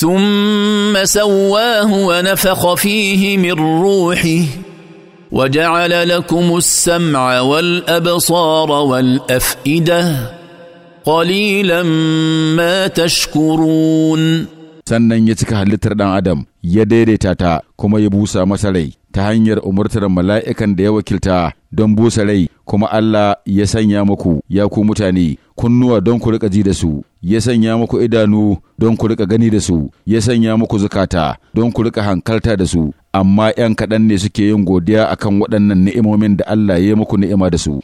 ثم سواه ونفخ فيه من روحه وجعل لكم السمع والابصار والافئده قليلا ما تشكرون sannan ya cika halittar ɗan adam ya daidaita ta kuma ya busa masa rai ta hanyar umurtar mala'ikan da ya wakilta don busa rai kuma Allah ya sanya muku ya ku mutane kunnuwa don ku rika ji da su ya sanya muku idanu don ku rika gani da su ya sanya muku zukata don ku rika hankalta da su amma ‘yan kaɗan ne suke yin godiya akan waɗannan ni'imomin da Allah ya muku ni'ima da su.